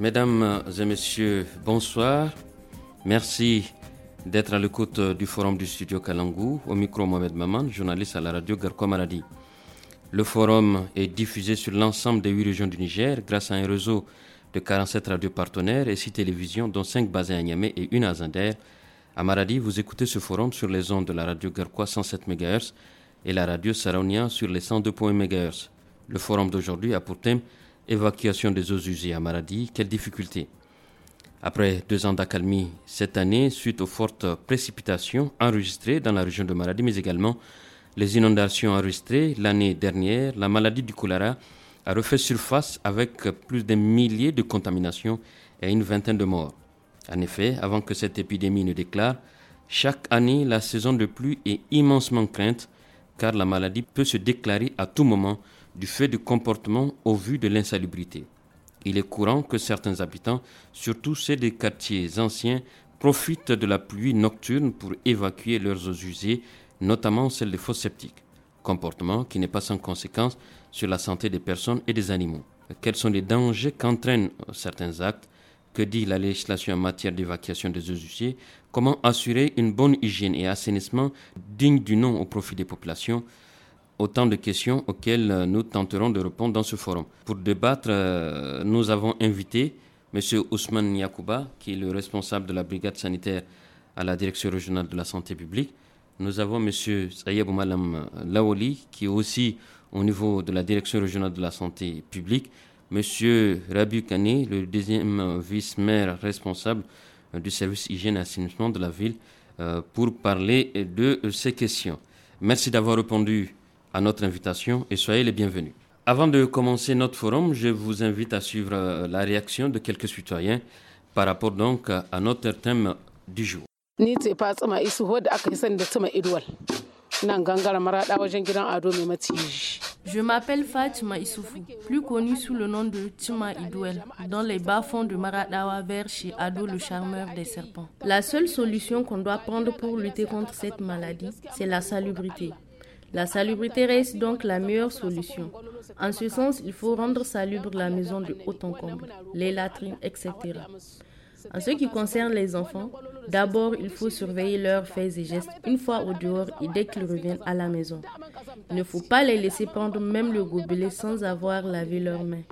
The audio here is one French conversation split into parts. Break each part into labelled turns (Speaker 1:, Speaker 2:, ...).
Speaker 1: Mesdames et messieurs, bonsoir. Merci d'être à l'écoute du forum du studio Kalangou. Au micro, Mohamed Maman, journaliste à la radio Garko Maradi. Le forum est diffusé sur l'ensemble des huit régions du Niger grâce à un réseau de 47 radios partenaires et six télévisions, dont cinq basées à Niamey et une à Zander. À Maradi, vous écoutez ce forum sur les ondes de la radio Garkoa 107 MHz et la radio Saraunia sur les 102.1 MHz. Le forum d'aujourd'hui a pour thème évacuation des eaux usées à maladie quelles difficulté Après deux ans d'accalmie cette année, suite aux fortes précipitations enregistrées dans la région de maladie mais également les inondations enregistrées l'année dernière, la maladie du choléra a refait surface avec plus d'un millier de contaminations et une vingtaine de morts. En effet, avant que cette épidémie ne déclare, chaque année, la saison de pluie est immensement crainte car la maladie peut se déclarer à tout moment du fait du comportement au vu de l'insalubrité. Il est courant que certains habitants, surtout ceux des quartiers anciens, profitent de la pluie nocturne pour évacuer leurs eaux usées, notamment celles des fosses septiques, comportement qui n'est pas sans conséquence sur la santé des personnes et des animaux. Quels sont les dangers qu'entraînent certains actes Que dit la législation en matière d'évacuation des eaux usées Comment assurer une bonne hygiène et assainissement digne du nom au profit des populations autant de questions auxquelles euh, nous tenterons de répondre dans ce forum. Pour débattre, euh, nous avons invité M. Ousmane Yakouba, qui est le responsable de la brigade sanitaire à la Direction régionale de la santé publique. Nous avons M. Sayeb Malam euh, Laoli, qui est aussi au niveau de la Direction régionale de la santé publique. M. Rabu Kane, le deuxième vice-maire responsable du service hygiène et assainissement de la ville, pour parler de ces questions. Merci d'avoir répondu à notre invitation et soyez les bienvenus. Avant de commencer notre forum, je vous invite à suivre euh, la réaction de quelques citoyens par rapport donc à notre thème du jour.
Speaker 2: Je
Speaker 3: m'appelle Fatima Issoufou, plus connue sous le nom de Tima Idouel, dans les bas-fonds de Maradawa vers chez Ado le charmeur des serpents. La seule solution qu'on doit prendre pour lutter contre cette maladie, c'est la salubrité. La salubrité reste donc la meilleure solution. En ce sens, il faut rendre salubre la maison de haut en comble, les latrines, etc. En ce qui concerne les enfants, d'abord il faut surveiller leurs faits et gestes une fois au dehors et dès qu'ils reviennent à la maison. Il ne faut pas les laisser prendre même le gobelet sans avoir lavé leurs mains.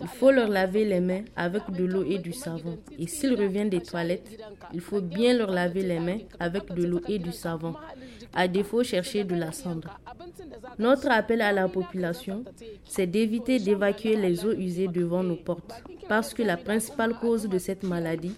Speaker 3: Il faut leur laver les mains avec de l'eau et du savon. Et s'ils reviennent des toilettes, il faut bien leur laver les mains avec de l'eau et du savon à défaut chercher de la cendre. Notre appel à la population, c'est d'éviter d'évacuer les eaux usées devant nos portes, parce que la principale cause de cette maladie,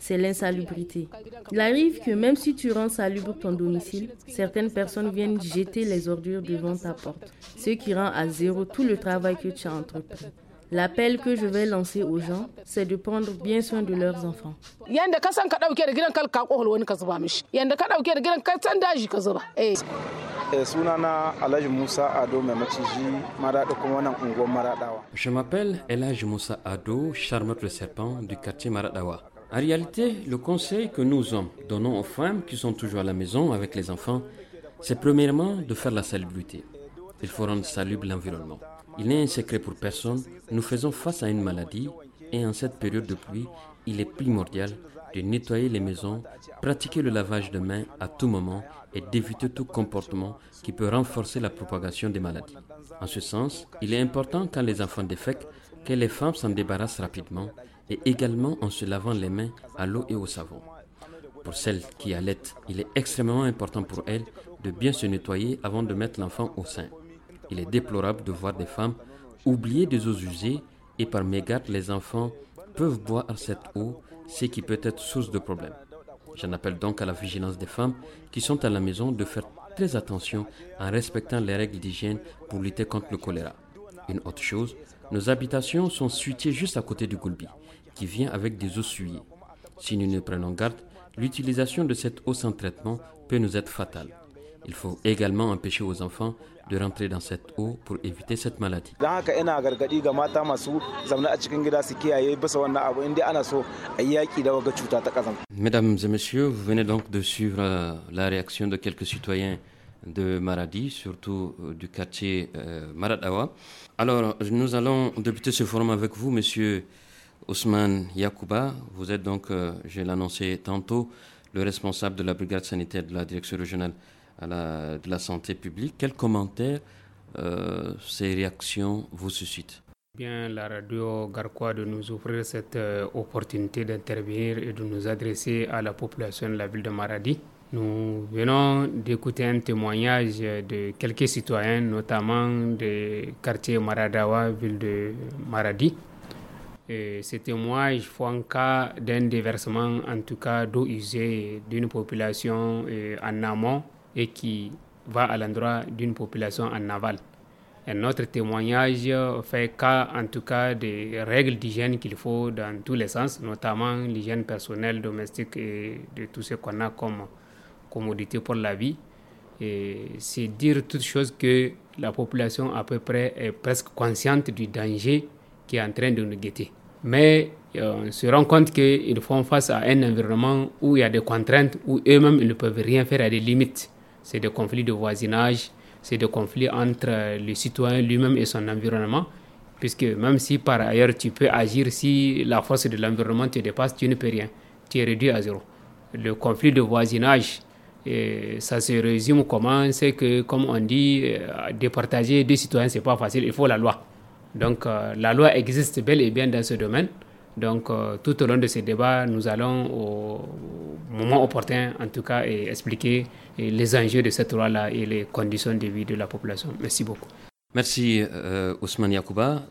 Speaker 3: c'est l'insalubrité. Il arrive que même si tu rends salubre ton domicile, certaines personnes viennent jeter les ordures devant ta porte, ce qui rend à zéro tout le travail que tu as entrepris. L'appel que je vais lancer aux gens, c'est de prendre bien soin de leurs enfants.
Speaker 2: Eh.
Speaker 4: Eh,
Speaker 1: je m'appelle Elaj Moussa Ado, charmeur de serpent du quartier Maradawa. En réalité, le conseil que nous hommes donnons aux femmes qui sont toujours à la maison avec les enfants, c'est premièrement de faire la salubrité. Il faut rendre salubre l'environnement. Il n'est un secret pour personne, nous faisons face à une maladie et en cette période de pluie, il est primordial de nettoyer les maisons, pratiquer le lavage de mains à tout moment et d'éviter tout comportement qui peut renforcer la propagation des maladies. En ce sens, il est important quand les enfants défèquent que les femmes s'en débarrassent rapidement et également en se lavant les mains à l'eau et au savon. Pour celles qui allaitent, il est extrêmement important pour elles de bien se nettoyer avant de mettre l'enfant au sein. Il est déplorable de voir des femmes oublier des eaux usées et par mégarde les enfants peuvent boire cette eau, ce qui peut être source de problèmes. J'en appelle donc à la vigilance des femmes qui sont à la maison de faire très attention en respectant les règles d'hygiène pour lutter contre le choléra. Une autre chose, nos habitations sont situées juste à côté du Goulbi, qui vient avec des eaux suillées. Si nous ne prenons garde, l'utilisation de cette eau sans traitement peut nous être fatale. Il faut également empêcher aux enfants de rentrer dans cette eau pour éviter cette maladie. Mesdames et messieurs, vous venez donc de suivre euh, la réaction de quelques citoyens de Maradi, surtout euh, du quartier euh, Maradawa. Alors, nous allons débuter ce forum avec vous, monsieur Ousmane Yakouba. Vous êtes donc, je l'ai annoncé tantôt, le responsable de la brigade sanitaire de la direction régionale à de la santé publique. Quels commentaires euh, ces réactions vous suscitent
Speaker 2: eh Bien, la radio Garquois de nous offrir cette euh, opportunité d'intervenir et de nous adresser à la population de la ville de Maradi. Nous venons d'écouter un témoignage de quelques citoyens, notamment des quartiers Maradawa, ville de Maradi. Et ces témoignages font cas d'un déversement, en tout cas d'eau usée d'une population en amont et qui va à l'endroit d'une population en aval. Un autre témoignage fait cas en tout cas des règles d'hygiène qu'il faut dans tous les sens, notamment l'hygiène personnelle, domestique et de tout ce qu'on a comme commodité pour la vie. Et c'est dire toute chose que la population à peu près est presque consciente du danger qui est en train de nous guetter. Mais euh, on se rend compte qu'ils font face à un environnement où il y a des contraintes, où eux-mêmes ils ne peuvent rien faire à des limites c'est des conflits de voisinage, c'est des conflits entre le citoyen lui-même et son environnement. Puisque même si par ailleurs tu peux agir, si la force de l'environnement te dépasse, tu ne peux rien. Tu es réduit à zéro. Le conflit de voisinage, euh, ça se résume comment C'est que, comme on dit, euh, départager deux citoyens, c'est pas facile, il faut la loi. Donc euh, la loi existe bel et bien dans ce domaine. Donc tout au long de ces débats, nous allons au moment opportun, en tout cas, expliquer les enjeux de cette loi-là et les conditions de vie de la population. Merci beaucoup.
Speaker 1: Merci euh, Ousmane Yakouba.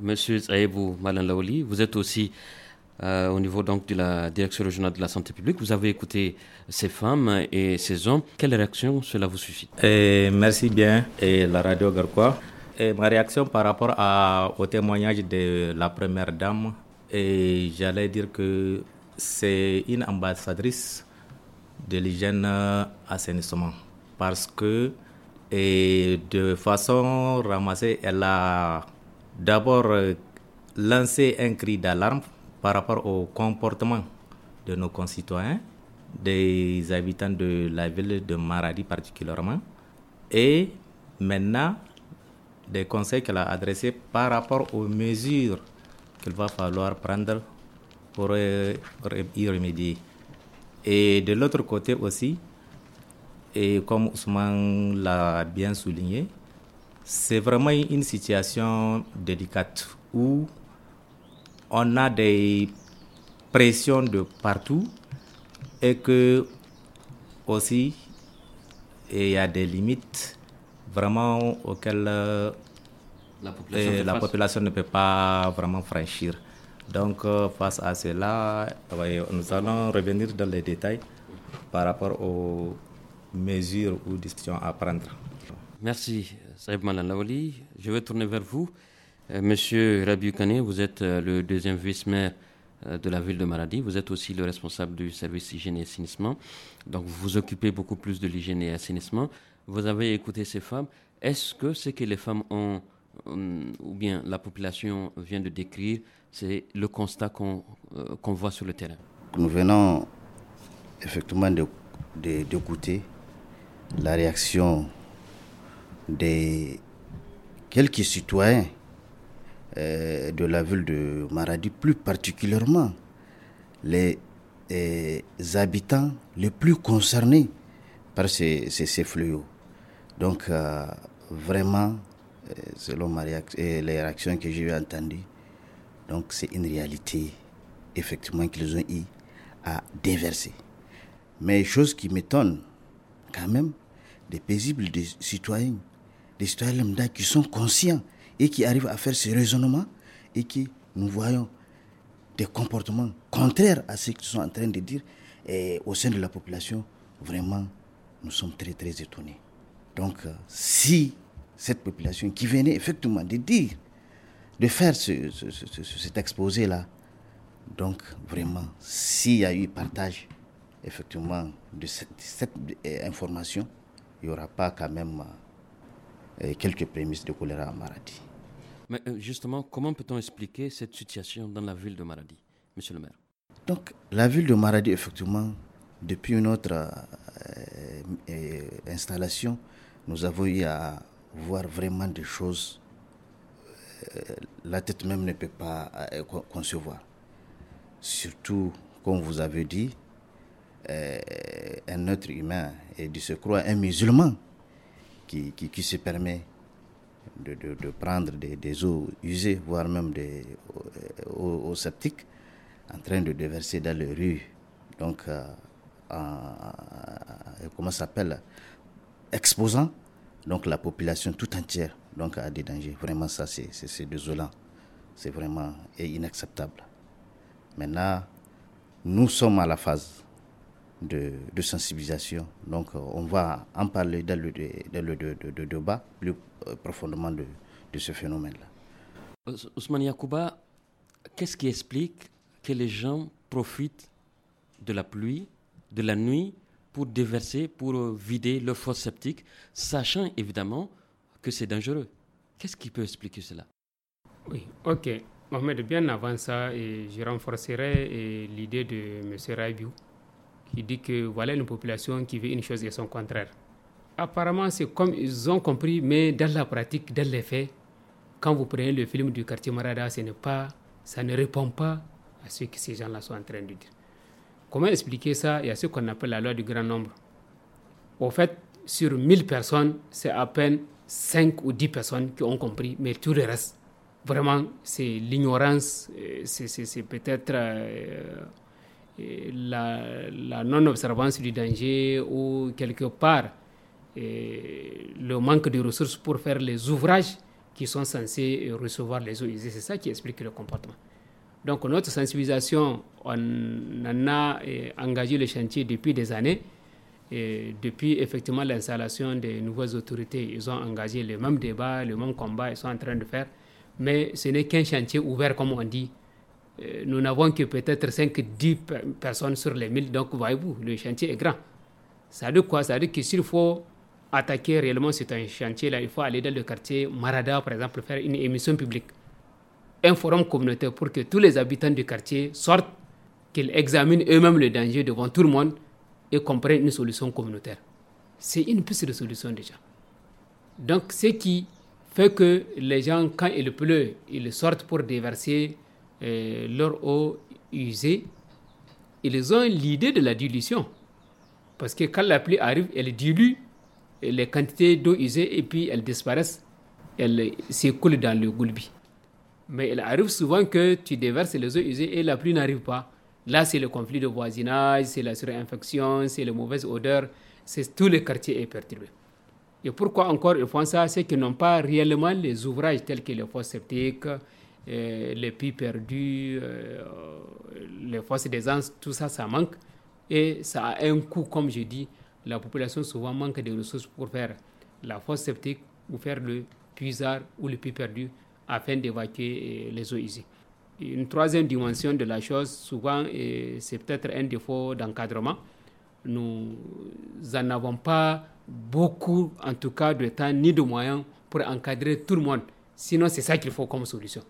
Speaker 1: Monsieur Zaebou Malan Laouli, vous êtes aussi euh, au niveau donc de la direction régionale de la santé publique. Vous avez écouté ces femmes et
Speaker 4: ces hommes. Quelle réaction cela vous suffit et Merci bien et la radio Garquois. Et ma réaction par rapport au témoignage de la première dame, et j'allais dire que c'est une ambassadrice de l'hygiène euh, assainissement parce que et de façon ramassée, elle a d'abord euh, lancé un cri d'alarme par rapport au comportement de nos concitoyens, des habitants de la ville de Maradi particulièrement, et maintenant des conseils qu'elle a adressés par rapport aux mesures qu'il va falloir prendre pour euh, y remédier. Et de l'autre côté aussi, et comme Ousmane l'a bien souligné, c'est vraiment une situation délicate où on a des pressions de partout et que aussi il y a des limites vraiment auxquelles la population, la population ne peut pas vraiment franchir. Donc, euh, face à cela, euh, nous allons revenir dans les détails par rapport aux mesures ou décisions à prendre. Merci,
Speaker 1: Saïb Malalaouli. Je vais tourner vers vous. Euh, Monsieur Rabiou vous êtes le deuxième vice-maire de la ville de Maradi. Vous êtes aussi le responsable du service hygiène et assainissement. Donc, vous vous occupez beaucoup plus de l'hygiène et assainissement. Vous avez écouté ces femmes. Est-ce que ce que les femmes ont, hum, ou bien la population vient de décrire, c'est le constat euh, qu'on voit sur le terrain.
Speaker 5: Nous venons effectivement d'écouter de, la réaction des quelques citoyens euh, de la ville de Maradi, plus particulièrement les, euh, habitants les plus concernés par ces, ces, fléaux. Donc, vraiment, selon les réactions que j'ai entendues, donc c'est une réalité, effectivement, qu'ils ont eu à déverser. Mais chose qui m'étonne, quand même, des paisibles des citoyens, des citoyens lambda qui sont conscients et qui arrivent à faire ce raisonnement et qui, nous voyons des comportements contraires à ce qu'ils sont en train de dire au sein de la population, vraiment, nous sommes très, très étonnés. Donc, euh, si cette population qui venait effectivement de dire de faire cet exposé-là. Donc, vraiment, s'il y a eu partage, effectivement, de cette, eh, information, il n'y aura pas quand même eh, quelques prémices de choléra à Maradi.
Speaker 1: Mais euh, justement, comment peut-on expliquer cette situation dans la ville de Maradi,
Speaker 5: monsieur le maire Donc, la ville de Maradi, effectivement, depuis notre autre euh, eh, installation, nous avons eu à voir vraiment des choses euh, la tête même ne peut pas euh, concevoir. Surtout, comme vous avez dit, euh, un être humain et de se croire un musulman qui, se permet de, prendre des, eaux usées, voire même des eaux, septiques, en train de déverser dans les rues. Donc, en, comment s'appelle Exposant donc la population tout entière donc, a des dangers. Vraiment, ça, c'est désolant. C'est vraiment inacceptable. Maintenant, nous sommes à la phase de, sensibilisation. Donc, euh, on va en parler dans le, dans de, de, débat plus euh, profondément de, ce phénomène-là. Euh, Ousmane Yakouba, qu'est-ce qui explique
Speaker 1: que les gens profitent de la pluie, de la nuit, pour déverser, pour euh, vider le fosse septique, sachant évidemment que c'est dangereux. Qu'est-ce qui peut expliquer cela
Speaker 2: Oui, ok. Mohamed, bien avant ça, et je renforcerai l'idée de M. Raibiou, qui dit que voilà une population qui veut une chose et son contraire. Apparemment, c'est comme ils ont compris, mais dans la pratique, dans les faits, quand vous prenez le film du quartier Marada, ça ne répond pas à ce que ces gens-là sont en train de dire. Comment expliquer ça Il y a ce qu'on appelle la loi du grand nombre. Au fait, sur 1000 personnes, c'est à peine 5 ou 10 personnes qui ont compris, mais tout le reste, vraiment, c'est l'ignorance, euh, c'est peut-être euh, euh, la, non-observance du danger ou quelque part le manque de ressources pour faire les ouvrages qui sont censés recevoir les eaux usées. C'est ça qui explique le comportement. Donc notre sensibilisation, on, en a eh, engagé le chantier depuis des années. depuis effectivement l'installation des nouvelles autorités, ils ont engagé le même débat, le même combat, ils sont en train de faire. Mais ce n'est qu'un chantier ouvert, comme on dit. Eh, nous n'avons que peut-être 5-10 personnes sur les 1000, donc voyez-vous, le chantier est grand. Ça veut dire quoi Ça veut dire que s'il faut attaquer réellement c'est un chantier, là, il faut aller dans le quartier Marada, par exemple, faire une émission publique un forum communautaire pour que tous les habitants du quartier sortent, qu'ils examinent eux-mêmes le danger devant tout le monde et comprennent une solution communautaire. C'est une piste de solution déjà. Donc, ce qui fait que les gens, quand il pleut, ils sortent pour déverser euh, leur eau usée. Ils ont l'idée de la dilution. Parce que quand la pluie arrive, elle dilue les quantités d'eau usée et puis elles disparaissent. Elles s'écoulent dans le goulbi. Mais il arrive souvent que tu déverses les eaux usées et la pluie n'arrive pas. Là, c'est le conflit de voisinage, c'est la surinfection, c'est les mauvaises odeurs, c'est tout le quartier est perturbé. Et pourquoi encore ils font ça C'est qu'ils n'ont pas réellement les ouvrages tels que les fosses septiques, euh, les puits perdus, euh, les fosses d'aisance. tout ça, ça manque. Et ça a un coût, comme je dis, la population souvent manque de ressources pour faire la fosse septique ou faire le puisard ou le puits perdu afin d'évacuer euh, les eaux usées. Une troisième dimension de la chose, souvent, euh, c'est peut-être un défaut d'encadrement. Nous n'en avons pas beaucoup, en tout cas, de temps ni de moyens pour encadrer tout le monde. Sinon, c'est ça qu'il faut comme solution.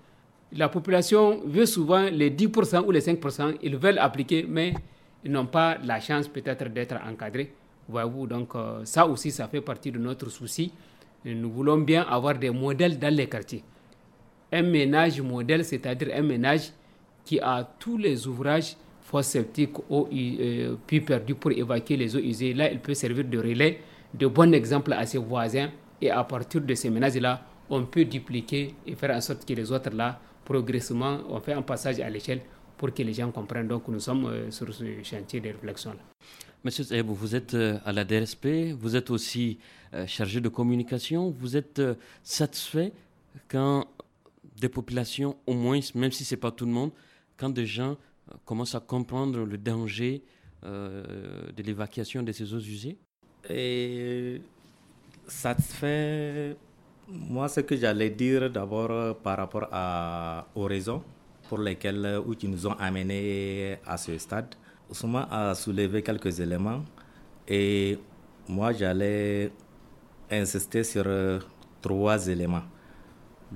Speaker 2: La population veut souvent les 10% ou les 5%, ils veulent appliquer, mais ils n'ont pas la chance peut-être d'être encadrés. Voyez-vous, donc euh, ça aussi, ça fait partie de notre souci. Nous voulons bien avoir des modèles dans les quartiers un ménage modèle, c'est-à-dire un ménage qui a tous les ouvrages fosséptiques septiques, puis perdus pour évacuer les eaux usées. Là, il peut servir de relais, de bon exemple à ses voisins. Et à partir de ces ménages-là, on peut dupliquer et faire en sorte que les autres-là, progressivement, on fait un passage à l'échelle pour que les gens comprennent. Donc, nous sommes euh, sur ce chantier de réflexion-là.
Speaker 1: Monsieur Zeb, vous êtes euh, à la DRSP, vous êtes aussi euh, chargé de communication. Vous êtes satisfait quand des populations, au moins, même si ce n'est pas tout le monde, quand des gens euh, commencent à comprendre le danger euh, de l'évacuation de ces eaux usées
Speaker 4: Et ça te fait. Moi, ce que j'allais dire d'abord euh, par rapport à, aux raisons pour lesquelles ils nous ont amenés à ce stade, Ousmane a soulevé quelques éléments et moi, j'allais insister sur trois éléments.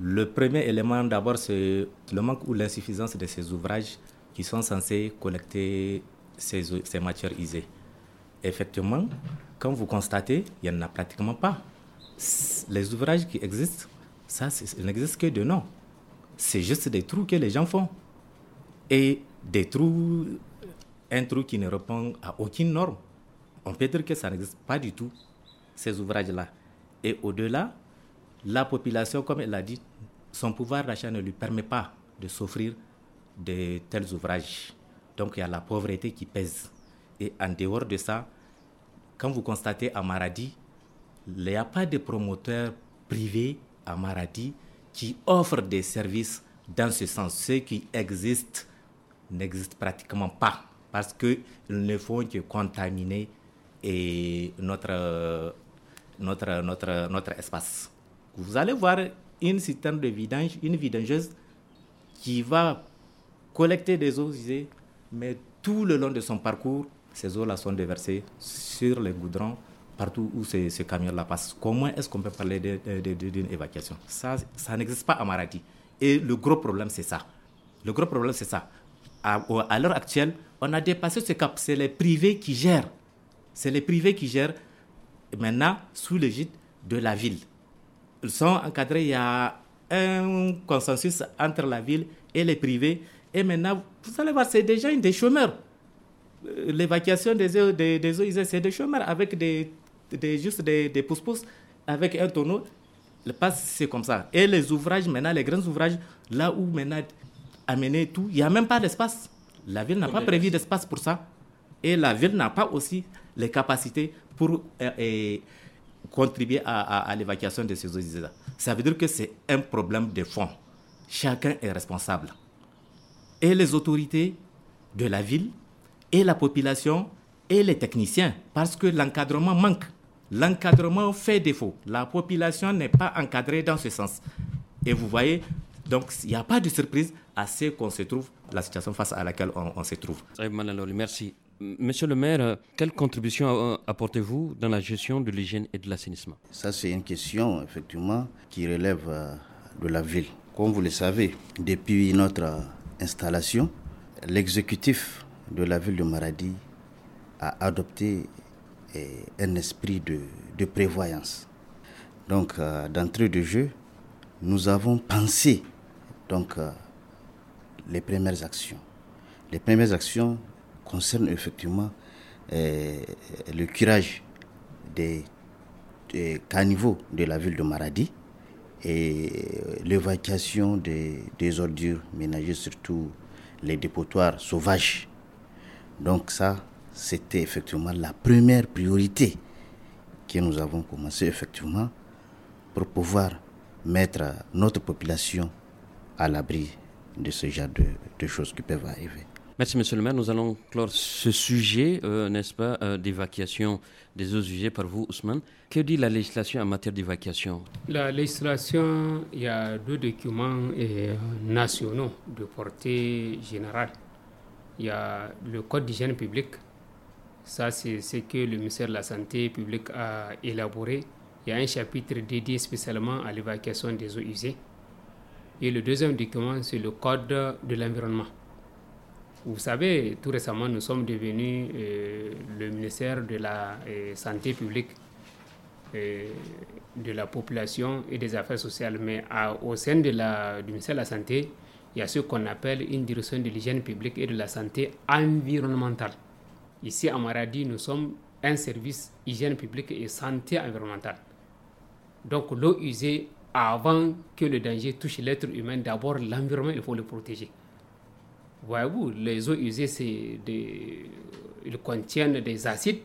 Speaker 4: Le premier élément, d'abord, c'est le manque ou l'insuffisance de ces ouvrages qui sont censés collecter ces, matières usées. Effectivement, comme vous constatez, il n'y en a pratiquement pas. Les ouvrages qui existent, ça, n'existe que de nom. C'est juste des trous que les gens font. Et des trous, un trou qui ne répond à aucune norme. On peut dire que ça n'existe pas du tout, ces ouvrages-là. Et au-delà, la population, comme elle l'a dit, son pouvoir d'achat ne lui permet pas de s'offrir de tels ouvrages. Donc il y a la pauvreté qui pèse. Et en dehors de ça, quand vous constatez à Maradi, il n'y a pas de promoteurs privés à Maradi qui offrent des services dans ce sens. Ceux qui existent n'existent pratiquement pas parce qu'ils ne font que contaminer euh, notre espace vous allez voir une citerne de vidange, une vidangeuse qui va collecter des eaux mais tout le long de son parcours, ces eaux-là sont déversées sur les goudrons partout où ce, camion-là passe. Comment est-ce qu'on peut parler d'une évacuation Ça, n'existe pas à Marathi. Et le gros problème, c'est ça. Le gros problème, c'est ça. À, à l'heure actuelle, on a dépassé ce cap. C'est les privés qui gèrent. C'est les privés qui gèrent maintenant sous l'égide de la ville sont encadrés, il y a un consensus entre la ville et les privés. Et maintenant, vous allez voir, c'est déjà des chômeurs. Euh, l'évacuation des eaux, des, c'est des chômeurs avec des, des juste des, des pouces avec un tonneau. Le passe, c'est comme ça. Et les ouvrages, maintenant, les grands ouvrages, là où maintenant amener tout, il n'y a même pas d'espace. La ville n'a pas prévu d'espace pour ça. Et la ville n'a pas aussi les capacités pour euh, contribuer à, l'évacuation de ces eaux là Ça veut dire que c'est un problème de fond. Chacun est responsable. Et les autorités de la ville, et la population, et les techniciens, parce que l'encadrement manque. L'encadrement fait défaut. La population n'est pas encadrée dans ce sens. Et vous voyez, donc il n'y a pas de surprise à ce qu'on se trouve, la situation face à laquelle
Speaker 5: on, se trouve.
Speaker 4: merci.
Speaker 1: Monsieur le maire, quelle contribution apportez-vous dans la gestion de l'hygiène et de l'assainissement
Speaker 5: Ça, c'est une question, effectivement, qui relève euh, de la ville. Comme vous le savez, depuis notre installation, l'exécutif de la ville de Maradi a adopté eh, un esprit de, prévoyance. Donc, euh, d'entrée de jeu, nous avons pensé donc, euh, les premières actions. Les premières actions concerne effectivement euh, le curage des, caniveaux de la ville de Maradi et l'évacuation des, ordures ménagères, surtout les dépotoirs sauvages. Donc ça, c'était effectivement la première priorité que nous avons commencé effectivement pour pouvoir mettre notre population à l'abri de ce genre de choses qui peuvent arriver.
Speaker 1: Merci, monsieur le maire. Nous allons clore ce sujet, euh, n'est-ce pas, euh, d'évacuation des eaux usées par vous, Ousmane. Que dit la législation en matière d'évacuation
Speaker 2: La législation, il y a deux documents euh, nationaux de portée générale. Il y a le Code d'hygiène publique. Ça, c'est ce que le ministère de la Santé publique a élaboré. Il y a un chapitre dédié spécialement à l'évacuation des eaux usées. Et le deuxième document, c'est le Code de l'environnement. Vous savez, tout récemment, nous sommes devenus euh, le ministère de la euh, Santé publique, euh, de la population et des affaires sociales. Mais au sein du ministère de la Santé, il y a ce qu'on appelle une direction de l'hygiène publique et de la santé environnementale. Ici, à Maradi, nous sommes un service hygiène publique et santé environnementale. Donc, l'eau usée, avant que le danger touche l'être humain, d'abord l'environnement, il faut le protéger. Voyez-vous, les eaux usées, ils contiennent des acides,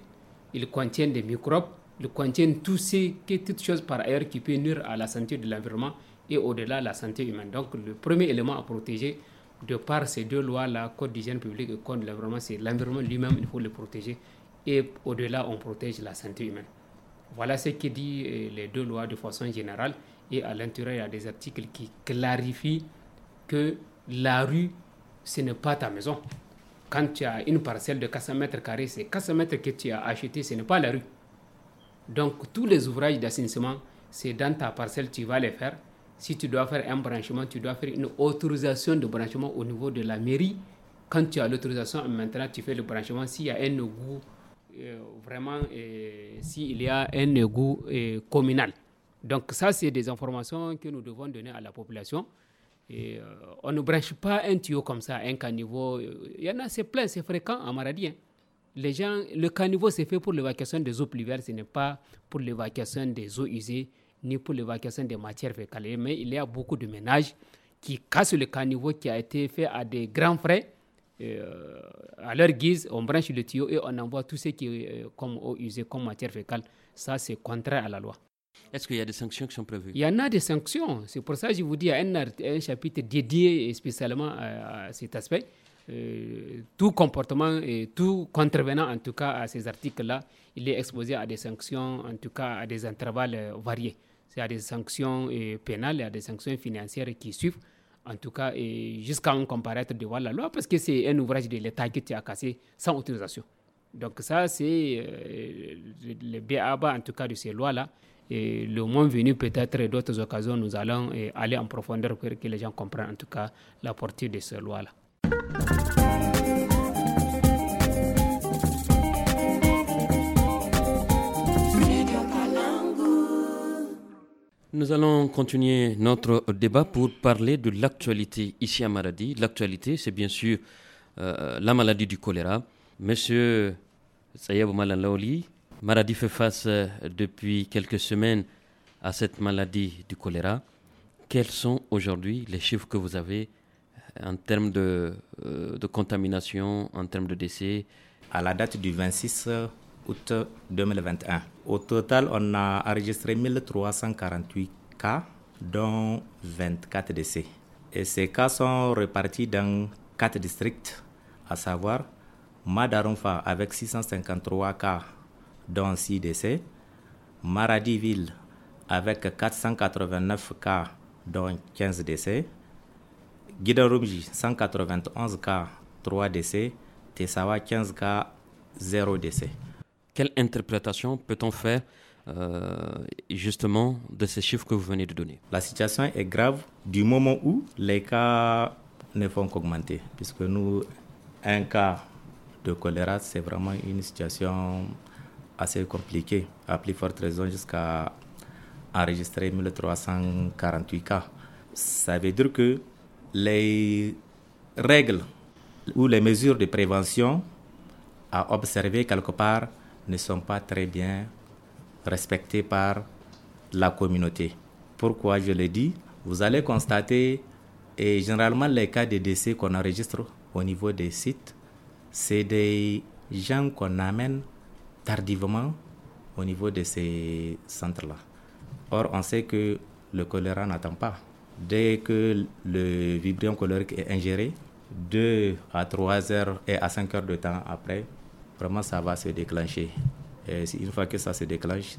Speaker 2: ils contiennent des microbes, ils contiennent tout ces, toutes choses par ailleurs qui peuvent nuire à la santé de l'environnement et au-delà la santé humaine. Donc le premier élément à protéger de par ces deux lois, la Code d'hygiène publique et Code de l'environnement, c'est l'environnement lui-même, il faut le protéger. Et au-delà, on protège la santé humaine. Voilà ce qui dit euh, les deux lois de façon générale. Et à l'intérieur, il y a des articles qui clarifient que la rue ce n'est pas ta maison. Quand tu as une parcelle de 400 mètres carrés, c'est 400 mètres que tu as acheté, ce n'est pas la rue. Donc tous les ouvrages d'assainissement, c'est dans ta parcelle, tu vas les faire. Si tu dois faire un branchement, tu dois faire une autorisation de branchement au niveau de la mairie. Quand tu as l'autorisation, maintenant tu fais le branchement. S'il y a un goût, euh, vraiment, euh, s'il y a un goût euh, communal. Donc ça, c'est des informations que nous devons donner à la population. Et euh, on ne branche pas un tuyau comme ça, un caniveau. Il y en a, c'est plein, c'est fréquent en Maradi. Hein. Les gens, le caniveau, c'est fait pour l'évacuation des eaux pluviales, ce n'est pas pour l'évacuation des eaux usées, ni pour l'évacuation des matières fécales. Mais il y a beaucoup de ménages qui cassent le caniveau qui a été fait à des grands frais. Euh, à leur guise, on branche le tuyau et on envoie tout ce qui est euh, comme eau usée, comme matière fécale. Ça, c'est contraire à la loi. Est-ce qu'il y a des sanctions qui sont prévues Il y en a des sanctions. C'est pour ça que je vous dis, il y a un, chapitre dédié spécialement à, cet aspect. Euh, tout comportement et tout contrevenant, en tout cas, à ces articles-là, il est exposé à des sanctions, en tout cas, à des intervalles variés. Euh, variés. C'est à des sanctions euh, pénales et à des sanctions financières qui suivent, en tout cas, jusqu'à en comparaître devant la loi, parce que c'est un ouvrage de l'État qui a cassé sans autorisation. Donc ça, c'est le BABA, en tout cas, de ces lois-là. Et le moins venu, peut-être d'autres occasions, nous allons eh, aller en profondeur pour que les gens comprennent en tout cas la portée de ce loi là
Speaker 1: Nous allons continuer notre débat pour parler de l'actualité ici à Maradi. L'actualité, c'est bien sûr euh, la maladie du choléra. Monsieur Sayeb Maradi fait face euh, depuis quelques semaines à cette maladie du choléra. Quels sont aujourd'hui les chiffres que vous avez euh, en termes euh, de, contamination,
Speaker 4: en termes de décès À la date du 26 août 2021, au total, on a enregistré 1348 cas, dont 24 décès. Et ces cas sont répartis dans quatre districts, à savoir Madarumfa avec 653 cas dont 6 décès. Maradi-Ville, avec 489 cas, dont 15 décès. Guidarumji, 191 cas, 3 décès. Tessawa, 15 cas, 0 décès. Quelle interprétation peut-on faire euh, justement de ces chiffres que vous venez de donner La situation est grave du moment où les cas ne font qu'augmenter, puisque nous, un cas de choléra, c'est vraiment une situation assez compliqué, à plus forte raison jusqu'à enregistrer 1348 cas. Ça veut dire que les règles ou les mesures de prévention à observer quelque part ne sont pas très bien respectées par la communauté. Pourquoi je le dis Vous allez constater, et généralement les cas de décès qu'on enregistre au niveau des sites, c'est des gens qu'on amène tardivement au niveau de ces centres-là. Or, on sait que le choléra n'attend pas. Dès que le vibrion cholérique est ingéré, 2 à 3 heures et à 5 heures de temps après, vraiment ça va se déclencher. Et une fois que ça se déclenche,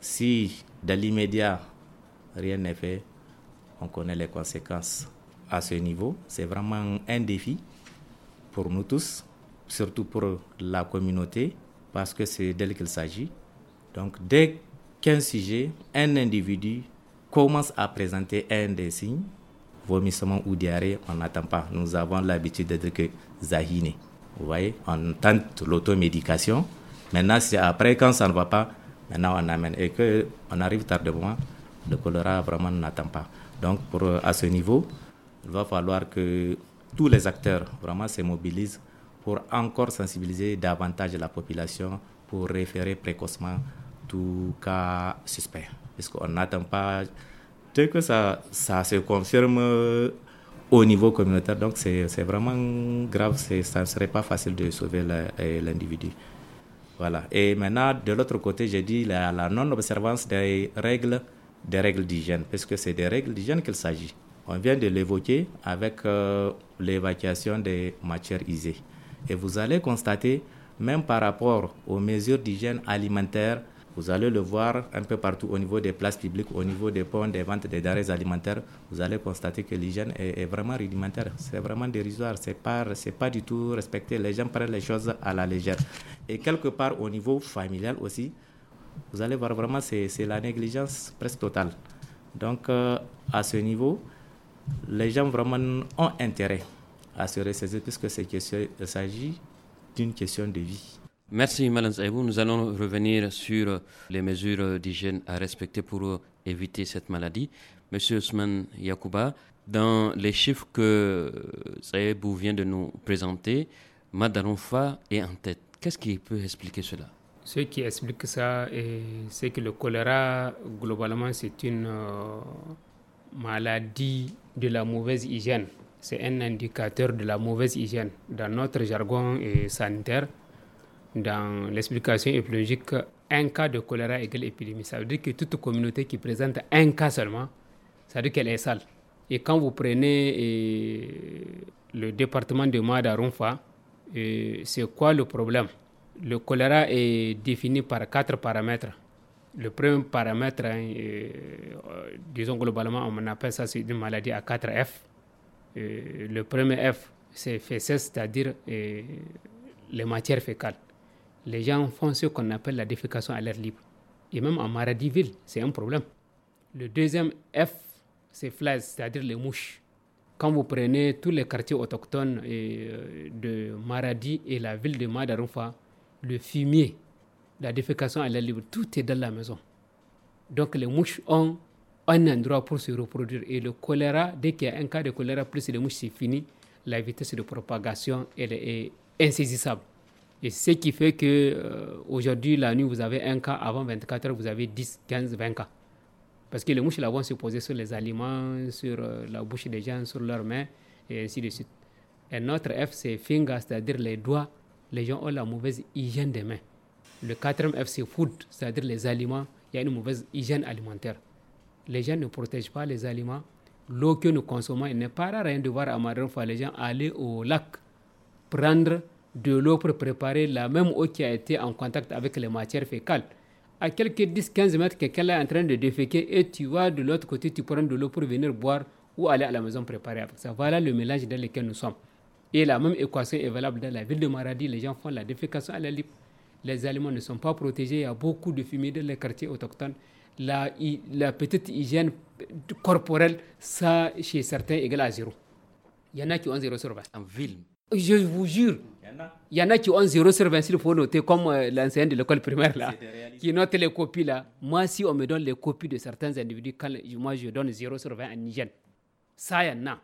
Speaker 4: si dans l'immédiat rien n'est fait, on connaît les conséquences à ce niveau. C'est vraiment un défi pour nous tous, surtout pour la communauté, parce que c'est d'elle qu'il s'agit. Donc, dès qu'un sujet, un individu commence à présenter un des signes, vomissement ou diarrhée, on n'attend pas. Nous avons l'habitude de que zahine. Vous voyez, on tente l'automédication. Maintenant, c'est après, quand ça ne va pas, maintenant on amène. Et que on arrive tardivement, le choléra vraiment n'attend pas. Donc, pour, euh, à ce niveau, il va falloir que tous les acteurs vraiment se mobilisent pour encore sensibiliser davantage la population pour référer précocement tout cas suspect. Parce qu'on n'attend pas. Dès que ça, ça se confirme au niveau communautaire, donc c'est vraiment grave, ça ne serait pas facile de sauver euh, l'individu. Voilà. Et maintenant, de l'autre côté, j'ai dit la, non-observance des règles, des règles d'hygiène, parce que c'est des règles d'hygiène qu'il s'agit. On vient de l'évoquer avec euh, l'évacuation des matières usées. Et vous allez constater, même par rapport aux mesures d'hygiène alimentaire, vous allez le voir un peu partout au niveau des places publiques, au niveau des ponts, des ventes des denrées alimentaires. Vous allez constater que l'hygiène est, vraiment rudimentaire. C'est vraiment dérisoire. C'est pas, pas du tout respecté. Les gens prennent les choses à la légère. Et quelque part au niveau familial aussi, vous allez voir vraiment c'est, la négligence presque totale. Donc euh, à ce niveau, les gens vraiment ont intérêt à se ressaisir puisque c'est il s'agit d'une question de vie.
Speaker 1: Merci Madame Zaibou. Nous allons revenir sur les mesures d'hygiène à respecter pour éviter cette maladie. Monsieur Ousmane Yakuba. dans les chiffres que Zaibou vient de nous présenter, Madaronfa est en tête. Qu'est-ce qui peut expliquer cela
Speaker 2: Ce qui explique ça, c'est que le choléra, globalement, c'est une euh, maladie de la mauvaise hygiène c'est un indicateur de la mauvaise hygiène. Dans notre jargon sanitaire, dans l'explication épidémiologique, un cas de choléra égale épidémie. Ça veut dire que toute communauté qui présente un cas seulement, ça veut dire qu'elle est sale. Et quand vous prenez eh, le département de Mada Runfa eh, c'est quoi le problème Le choléra est défini par quatre paramètres. Le premier paramètre, hein, eh, euh, disons globalement, on appelle ça une maladie à 4F. Euh, le premier F, c'est FSS, c'est-à-dire euh, les matières fécales. Les gens font ce qu'on appelle la défécation à l'air libre. Et même en Maradi-Ville, c'est un problème. Le deuxième F, c'est flies, c'est-à-dire les mouches. Quand vous prenez tous les quartiers autochtones euh, de Maradi et la ville de Madaroufa, le fumier, la défécation à l'air libre, tout est dans la maison. Donc les mouches ont un endroit pour se reproduire. Et le choléra, dès qu'il y a un cas de choléra, plus les mouches, c'est fini. La vitesse de propagation, elle est insaisissable. Et ce qui fait que euh, aujourd'hui, la nuit, vous avez un cas, avant 24 heures, vous avez 10, 15, 20 cas. Parce que les mouches là vont se poser sur les aliments, sur euh, la bouche des gens, sur leurs mains, et ainsi de suite. Et notre F, c'est finger, c'est-à-dire les doigts. Les gens ont la mauvaise hygiène des mains. Le quatrième F, c'est food, c'est-à-dire les aliments. Il y a une mauvaise hygiène alimentaire les gens ne protègent pas les aliments. L'eau que nous consommons, il n'est pas rare rien hein, de voir à Marrakech, les gens aller au lac prendre de l'eau pour préparer la même eau qui a été en contact avec les matières fécales. À quelques 10-15 mètres, quelqu'un est en train de déféquer et tu vas de l'autre côté, tu prends de l'eau pour venir boire ou aller à la maison préparer ça. Voilà le mélange dans lequel nous sommes. Et la même équation est valable dans la ville de Maradi. Les gens font la défécation à la libre. Les aliments ne sont pas protégés. Il y a beaucoup de fumée dans les quartiers autochtones la, la petite hygiène corporelle, ça, chez certains, égal à zéro. Il y en a qui ont zéro sur 20. En ville
Speaker 1: Je vous jure.
Speaker 2: Il y en a qui ont 0 sur 20, il faut noter, comme euh, l'enseignant de l'école primaire, là, qui note les copies. Là. Moi, si on me donne les copies de certains individus, quand moi je donne 0 sur 20 en hygiène, ça, il y en a.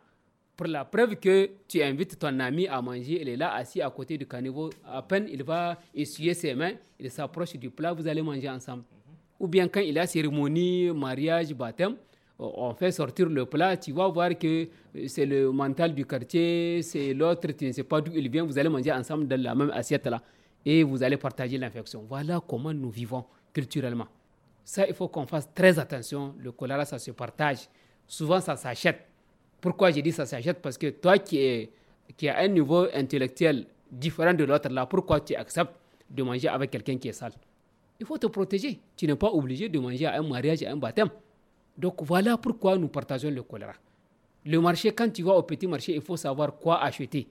Speaker 2: Pour la preuve que tu invites ton ami à manger, il est là assis à côté du caniveau. À peine il va essuyer ses mains, il s'approche du plat, vous allez manger ensemble ou bien quand il y a cérémonie, mariage, baptême, euh, on fait sortir le plat, tu vas voir que euh, c'est le mental du quartier, c'est l'autre, tu ne sais pas d'où il vient, vous allez manger ensemble dans la même assiette-là et vous allez partager l'infection. Voilà comment nous vivons culturellement. Ça, il faut qu'on fasse très attention. Le choléra, ça se partage. Souvent, ça s'achète. Pourquoi j'ai dit ça s'achète Parce que toi qui est qui a un niveau intellectuel différent de l'autre, là, pourquoi tu acceptes de manger avec quelqu'un qui est sale il faut te protéger. Tu n'es pas obligé de manger à un mariage, à un baptême. Donc voilà pourquoi nous partageons le choléra. Le marché, quand tu vas au petit marché, il faut savoir quoi acheter.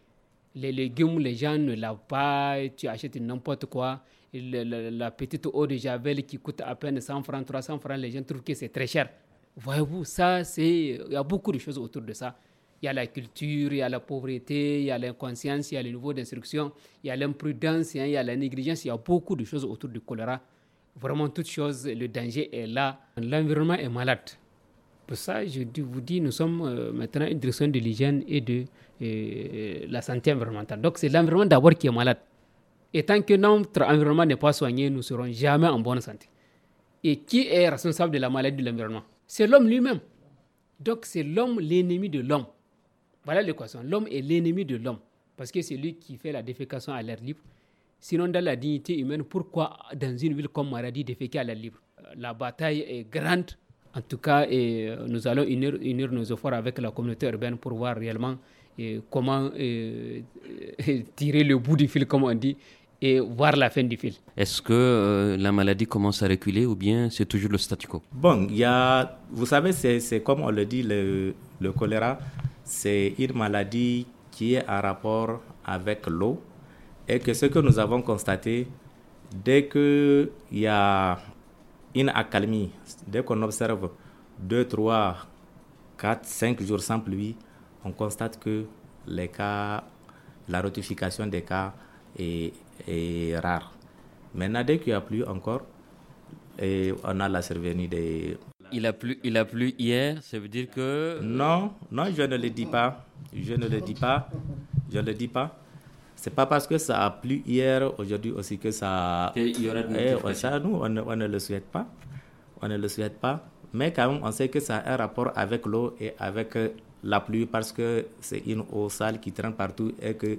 Speaker 2: Les légumes, les gens ne lavent pas, tu achètes n'importe quoi. La, petite eau de javel qui coûte à peine 100 francs, 300 francs, les gens trouvent que c'est très cher. Voyez-vous, ça, c'est. Il y a beaucoup de choses autour de ça. Il y a la culture, il y a la pauvreté, il y a l'inconscience, il y a le niveau d'instruction, il y a l'imprudence, hein, il y a la négligence, il y a beaucoup de choses autour du choléra Vraiment, toute chose, le danger est là. L'environnement est malade. Pour ça, je vous dis, nous sommes euh, maintenant une direction de l'hygiène et de la santé environnementale. Donc, c'est l'environnement d'abord qui est malade. Et tant que notre environnement n'est pas soigné, nous ne serons jamais en bonne santé. Et qui est responsable de la maladie de l'environnement C'est l'homme lui-même. Donc, c'est l'homme l'ennemi de l'homme. Voilà l'équation. L'homme est l'ennemi de l'homme. Parce que c'est lui qui fait la défécation à l'air libre, sinon dans la dignité humaine, pourquoi dans une ville comme Maradi déféquer à la libre euh, La bataille est grande. En tout cas, et euh, nous allons unir, nos efforts avec la communauté urbaine pour voir réellement comment euh, tirer le bout du fil, comme on dit, et voir la fin du fil.
Speaker 1: Est-ce que la maladie commence à reculer ou bien c'est toujours le statu quo Bon,
Speaker 4: y a, vous savez, c'est comme on le dit, le, le choléra, c'est une maladie qui est en rapport avec l'eau, et que ce que nous avons constaté, dès qu'il y a une accalmie, dès qu'on observe 2, 3, 4, 5 jours sans pluie, on constate que les cas, la notification des cas est, rare. Maintenant, dès qu'il n'y a plus encore, et on a la survenue des... Il a, plu, il a plu hier, ça veut dire que... Non, non, je ne le dis pas. Je ne le dis pas. Je ne le dis pas c'est pas parce que ça a plu hier, aujourd'hui aussi que ça. Eh, ça, nous, on, ne le souhaite pas. On ne le souhaite pas. Mais quand même, on sait que ça a un rapport avec l'eau et avec euh, la pluie parce que c'est une eau sale qui traîne partout et que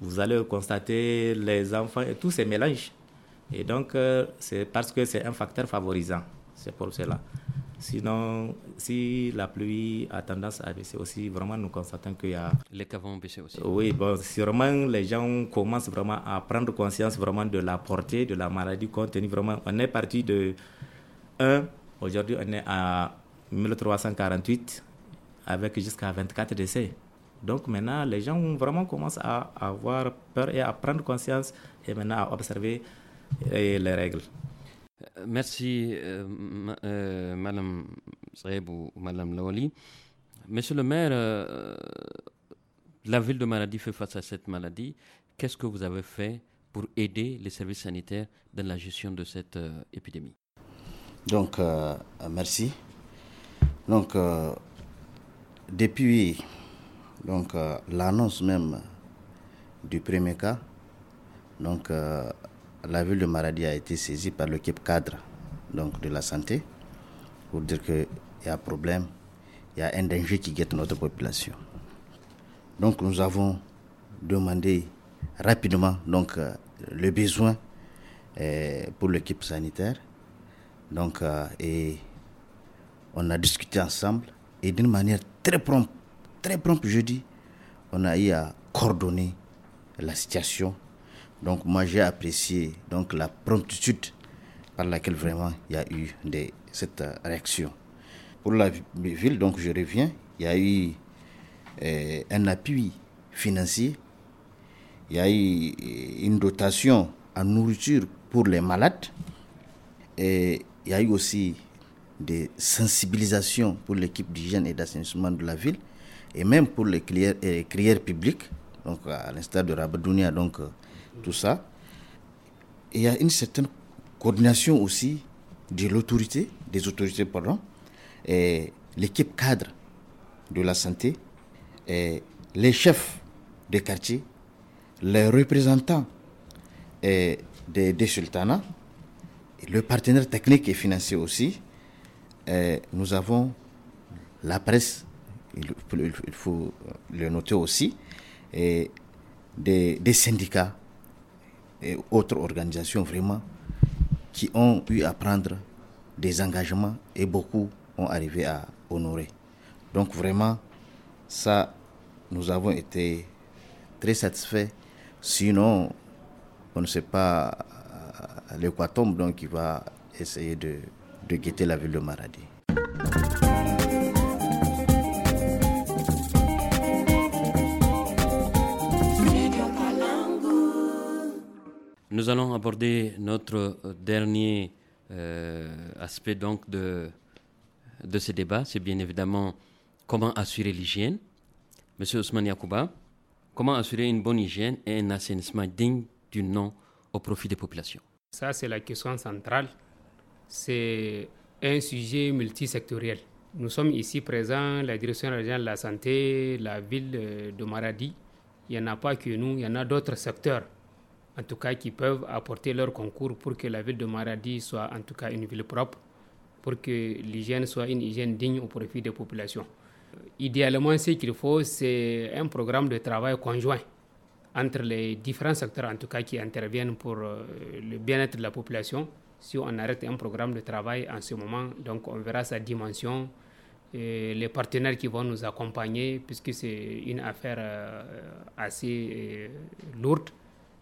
Speaker 4: vous allez constater les enfants et tous ces mélanges. Et donc, euh, c'est parce que c'est un facteur favorisant. C'est pour cela. Sinon, si la pluie a tendance à baisser aussi, vraiment, nous constatons qu'il y a... Les cas vont baisser aussi. Oui, bon, sûrement, les gens commencent vraiment à prendre conscience vraiment de la portée de la maladie contenue. Vraiment, on est parti de 1, aujourd'hui, on est à 1348 avec jusqu'à 24 décès. Donc maintenant, les gens vraiment commencent à avoir peur et à prendre conscience et maintenant à observer eh, les règles.
Speaker 1: Merci, euh, euh Madame ou Madame Lawali. Monsieur le maire, euh, la ville de Maladie fait face à cette maladie. Qu'est-ce que vous avez fait pour aider les services sanitaires dans la gestion de cette euh,
Speaker 5: épidémie Donc, merci. Donc, depuis donc, l'annonce même du premier cas, donc, la ville de Maradi a été saisie par l'équipe cadre donc, de la santé pour dire qu'il y a un problème, il y a un danger qui guette notre population. Donc nous avons demandé rapidement donc, euh, le besoin euh, pour l'équipe sanitaire. Donc, euh, et on a discuté ensemble et d'une manière très prompte, très prompte jeudi, on a eu à coordonner la situation donc moi j'ai apprécié donc la promptitude par laquelle vraiment il y a eu des, cette euh, réaction. Pour la ville, donc je reviens, il y a eu eh, un appui financier, il y a eu eh, une dotation à nourriture pour les malades et il y a eu aussi des sensibilisations pour l'équipe d'hygiène et d'assainissement de la ville et même pour les crières, crières publiques, donc à l'instar de Rabadounia, donc euh, tout ça. il y a une certaine coordination aussi de l'autorité, des autorités, pardon, l'équipe cadre de la santé, les chefs des quartiers, les représentants des, sultanats, le partenaire technique et financier aussi. nous avons la presse, il, faut le noter aussi, et des syndicats et autres organisations vraiment qui ont pu à prendre des engagements et beaucoup ont arrivé à honorer. Donc vraiment, ça, nous avons été très satisfaits. Sinon, on ne sait pas euh, l'Équatombe donc qui va essayer de, de guetter la ville de Maradi.
Speaker 1: Nous allons aborder notre euh, dernier euh, aspect donc de, de ce débat, c'est bien évidemment comment assurer l'hygiène. Monsieur Ousmane Yakouba, comment assurer une bonne hygiène et un assainissement digne du nom au profit des populations
Speaker 2: Ça, c'est la question centrale. C'est un sujet multisectoriel. Nous sommes ici présents, la direction régionale de la santé, la ville euh, de Maradi. Il n'y en a pas que nous, il y en a d'autres secteurs en tout cas qui peuvent apporter leur concours pour que la ville de Maradi soit en tout cas une ville propre, pour que l'hygiène soit une hygiène digne au profit des populations. Idéalement, ce qu'il faut, c'est un programme de travail conjoint entre les différents acteurs, en tout cas qui interviennent pour euh, le bien-être de la population. Si on arrête un programme de travail en ce moment, donc on verra sa dimension, les partenaires qui vont nous accompagner, puisque c'est une affaire euh, assez euh, lourde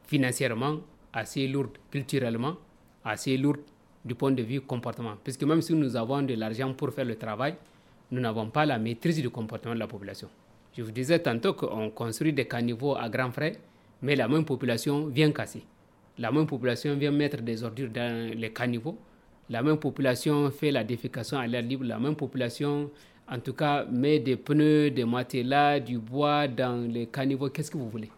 Speaker 2: financièrement assez lourde, culturellement assez lourde du point de vue comportement. Puisque même si nous avons de l'argent pour faire le travail, nous n'avons pas la maîtrise du comportement de la population. Je vous disais tantôt qu'on construit des caniveaux à grands frais, mais la même population vient casser. La même population vient mettre des ordures dans les caniveaux. La même population fait la défécation à l'air libre. La même population, en tout cas, met des pneus, des matelas, du bois dans les caniveaux. Qu'est-ce que vous voulez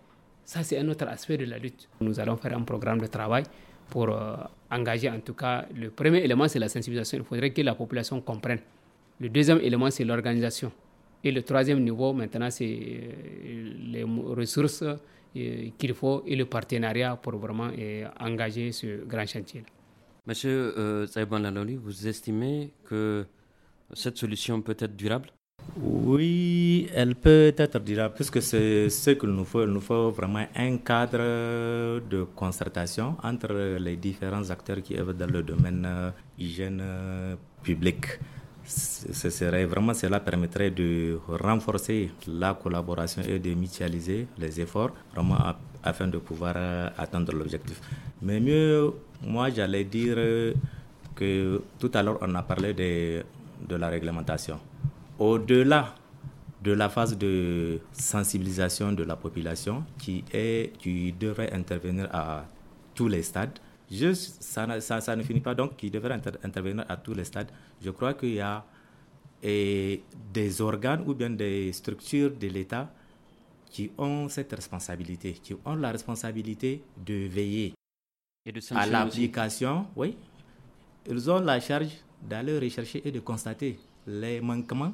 Speaker 2: ça, c'est un autre aspect de la lutte. Nous allons faire un programme de travail pour euh, engager, en tout cas, le premier élément, c'est la sensibilisation. Il faudrait que la population comprenne. Le deuxième élément, c'est l'organisation. Et le troisième niveau, maintenant, c'est euh, les ressources euh, qu'il faut et le partenariat pour vraiment engager ce grand chantier. Monsieur
Speaker 1: euh, Laloli, vous estimez que cette solution peut être durable
Speaker 4: oui, elle peut être, durable puisque c'est ce qu'il nous faut. Il nous faut vraiment un cadre de concertation entre les différents acteurs qui œuvrent dans le domaine euh, hygiène euh, publique. Ce serait vraiment, cela permettrait de renforcer la collaboration et de mutualiser les efforts vraiment afin de pouvoir euh, atteindre l'objectif. Mais mieux, moi j'allais dire que tout à l'heure on a parlé de la réglementation au-delà de la phase de sensibilisation de la population qui, est, qui devrait intervenir à tous les stades, Juste, ça, ne finit pas. Donc, qui devrait intervenir à tous les stades. Je crois qu'il y a des organes ou bien des structures de l'État qui ont cette responsabilité, qui ont la responsabilité de veiller à l'application. Oui, ils ont la charge d'aller rechercher et de constater les manquements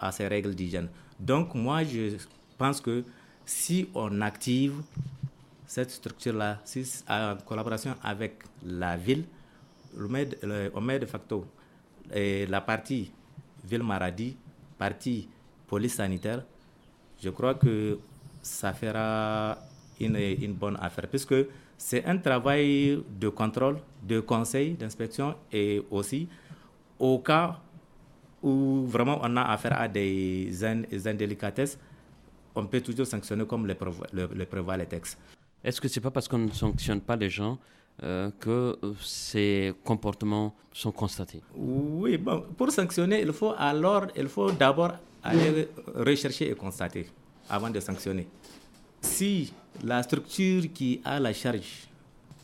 Speaker 4: à ces règles d'hygiène. Donc moi, je pense que si on active cette structure-là, si, en collaboration avec la ville, on met, de facto la partie ville maladie, partie police sanitaire, je crois que ça fera une, une bonne affaire, puisque c'est un travail de contrôle, de conseil, d'inspection et aussi au cas où vraiment on a affaire à des indélicatesses, on peut toujours sanctionner comme le, prévoient le, les textes. Est-ce que c'est pas parce qu'on ne sanctionne pas les gens euh, que euh, ces
Speaker 1: comportements sont constatés Oui,
Speaker 4: bon, pour sanctionner, il faut alors, il faut d'abord aller rechercher et constater avant de sanctionner. Si la structure qui a la charge,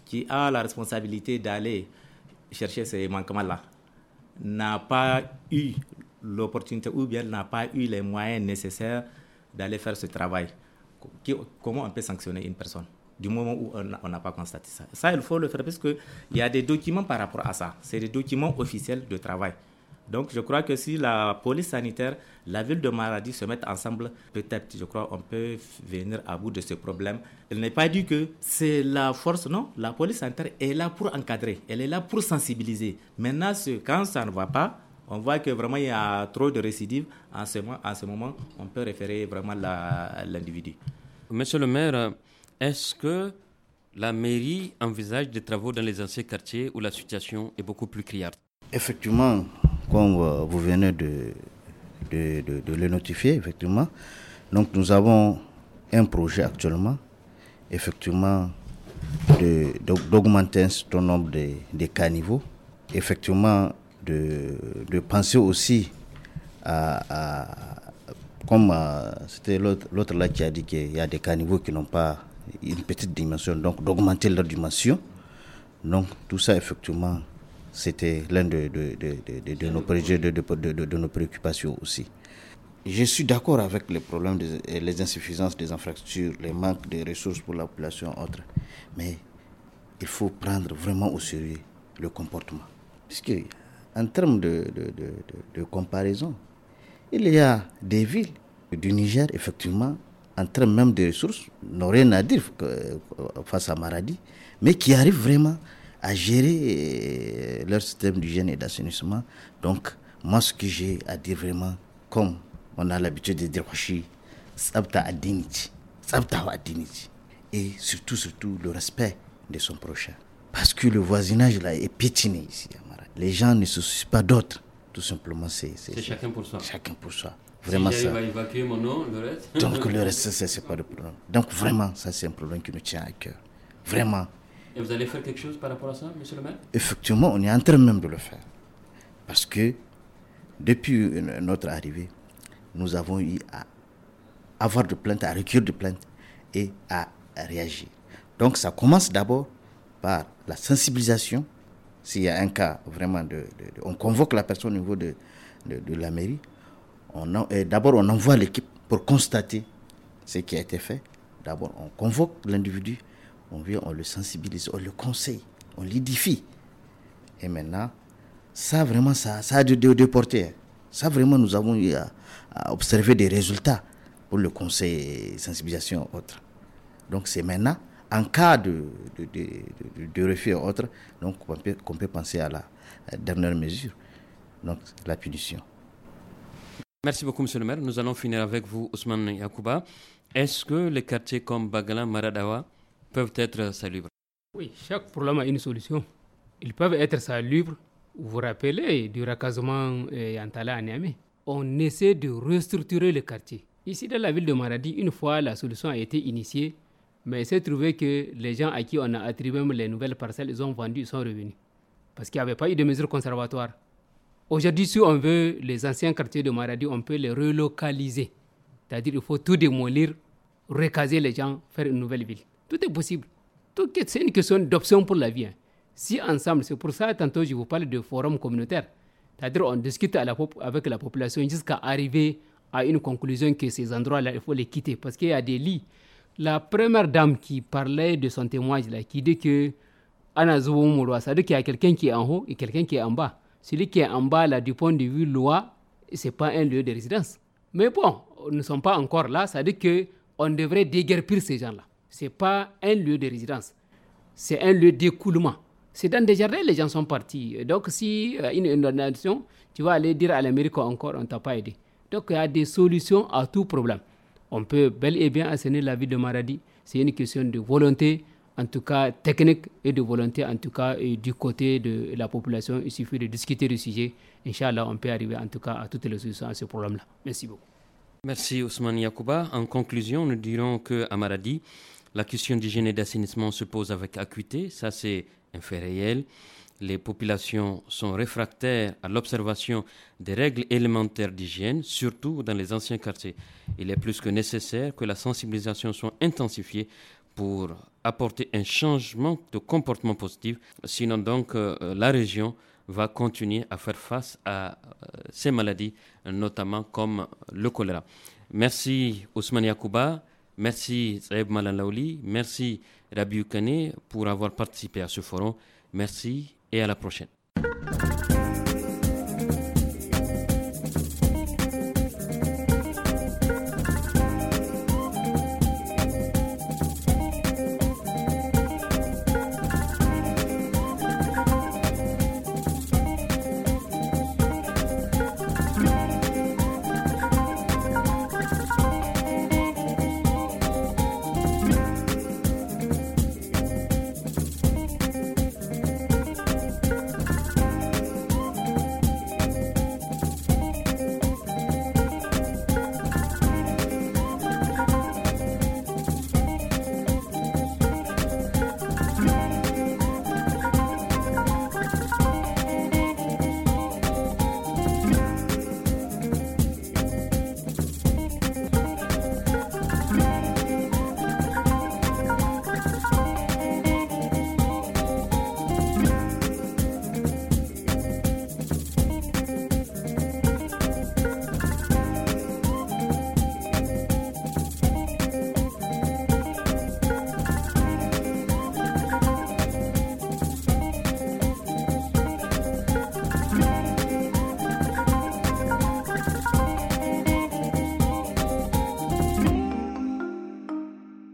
Speaker 4: qui a la responsabilité d'aller chercher ces manquements-là, n'a pas eu l'opportunité ou bien n'a pas eu les moyens nécessaires d'aller faire ce travail, comment on peut sanctionner une personne du moment où on n'a pas constaté ça Ça, il faut le faire parce qu'il y a des documents par rapport à ça. C'est des documents officiels de travail. Donc je crois que si la police sanitaire, la ville de Maradi se mettent ensemble, peut-être, je crois, on peut venir à bout de ce problème. Il n'est pas dit que c'est la force, non. La police sanitaire est là pour encadrer, elle est là pour sensibiliser. Maintenant, quand ça ne va pas, on voit que vraiment il y a trop de récidives. En ce, moment, en ce moment on peut référer vraiment l'individu. Monsieur le maire,
Speaker 1: est-ce que la mairie envisage des travaux dans les anciens quartiers où la situation est beaucoup plus criarde
Speaker 5: Effectivement, comme euh, vous venez de, de, le notifier, effectivement. Donc nous avons un projet actuellement, effectivement, d'augmenter un nombre de, de caniveaux, effectivement, de, penser aussi à, à comme euh, c'était l'autre là qui a dit qu'il y a des caniveaux qui n'ont pas une petite dimension, donc d'augmenter leur dimension. Donc tout ça, effectivement, c'était l'un de, de, de, de, nos projets, de, nos préoccupations aussi. Je suis d'accord avec les problèmes, les insuffisances des infrastructures, les manques de ressources pour la population, autres. Mais il faut prendre vraiment au sérieux le comportement. Puisque, en termes de, de comparaison, il y a des villes du Niger, effectivement, en termes même de ressources, n'ont rien à dire face à Maradi, mais qui arrivent vraiment à gérer euh, leur système d'hygiène et d'assainissement. Donc, moi, ce que j'ai à dire vraiment, comme on a l'habitude de dire, Sabta Adiniti, Sabta Adiniti, et surtout, surtout, le respect de son prochain. Parce que le voisinage là est pétiné ici Les gens ne se soucient pas d'autres, tout simplement. C'est chacun
Speaker 1: pour soi. Chacun pour soi. Vraiment ça. le reste. Donc le reste, c'est pas de problème. Donc vraiment,
Speaker 5: ça c'est un problème qui nous tient à cœur. Vraiment,
Speaker 1: et vous allez faire quelque chose par rapport à ça, monsieur le maire
Speaker 5: Effectivement, on est en train même de le faire. Parce que depuis notre arrivée, nous avons eu à avoir de plaintes, à recueillir de plaintes et à réagir. Donc ça commence d'abord par la sensibilisation. S'il y a un cas vraiment de, On convoque la personne au niveau de, de la mairie. D'abord, on envoie l'équipe pour constater ce qui a été fait. D'abord, on convoque l'individu on vient, on le sensibilise, on le conseille, on l'édifie. Et maintenant, ça vraiment, ça, ça a de, de, portées. Hein. Ça vraiment, nous avons eu à, des résultats pour le conseil sensibilisation autre. Donc c'est maintenant, en cas de, de, de, de refus autre, donc qu'on peut, penser à la dernière mesure, donc la punition.
Speaker 1: Merci beaucoup, monsieur le maire. Nous allons finir avec vous, Ousmane Yakouba. Est-ce que les quartiers comme Bagala, Maradawa, peuvent être salubres
Speaker 2: Oui, chaque problème a une solution. Ils peuvent être salubres. Vous vous rappelez du racasement euh, en à Niamey On essaie de restructurer le quartier. Ici, dans la ville de Maradi, une fois la solution a été initiée, mais il s'est trouvé que les gens à qui on a attribué les nouvelles parcelles, ils ont vendu, ils sont revenus. Parce qu'il n'y avait pas eu de mesures conservatoires. Aujourd'hui, si on veut les anciens quartiers de Maradi, on peut les relocaliser. C'est-à-dire qu'il faut tout démolir, recaser les gens, faire une nouvelle ville. Tout est possible. Tout c'est une question d'option pour la vie. Hein. Si ensemble, c'est pour ça, tantôt, je vous parle de forum communautaire. C'est-à-dire, on discute à la, avec la population jusqu'à arriver à une conclusion que ces endroits-là, il faut les quitter parce qu'il y a des lits. La première dame qui parlait de son témoignage, qui dit que qu'il y a quelqu'un qui est en haut et quelqu'un qui est en bas. Celui qui est en bas, là, du point de vue loi, ce n'est pas un lieu de résidence. Mais bon, nous ne sommes pas encore là, c'est-à-dire qu'on devrait déguerpir ces gens-là. Ce n'est pas un lieu de résidence, c'est un lieu d'écoulement. C'est dans des jardins, les gens sont partis. Donc, si euh, une inondation, tu vas aller dire à l'Amérique encore, on ne t'a pas aidé. Donc, il y a des solutions à tout problème. On peut bel et bien assainir la vie de Maradi. C'est une question de volonté, en tout cas technique, et de volonté, en tout cas du côté de la population. Il suffit de discuter du sujet. Inch'Allah, on peut arriver en tout cas à toutes les solutions à ce problème-là. Merci beaucoup.
Speaker 1: Merci Ousmane Yakouba. En conclusion, nous dirons que à Maradi, la question d'hygiène et d'assainissement se pose avec acuité, ça c'est un fait réel. Les populations sont réfractaires à l'observation des règles élémentaires d'hygiène, surtout dans les anciens quartiers. Il est plus que nécessaire que la sensibilisation soit intensifiée pour apporter un changement de comportement positif. Sinon donc euh, la région va continuer à faire face à euh, ces maladies, notamment comme le choléra. Merci Ousmane Yakouba. Merci Saïb Malalaouli, merci Rabiou Kane pour avoir participé à ce forum. Merci et à la prochaine.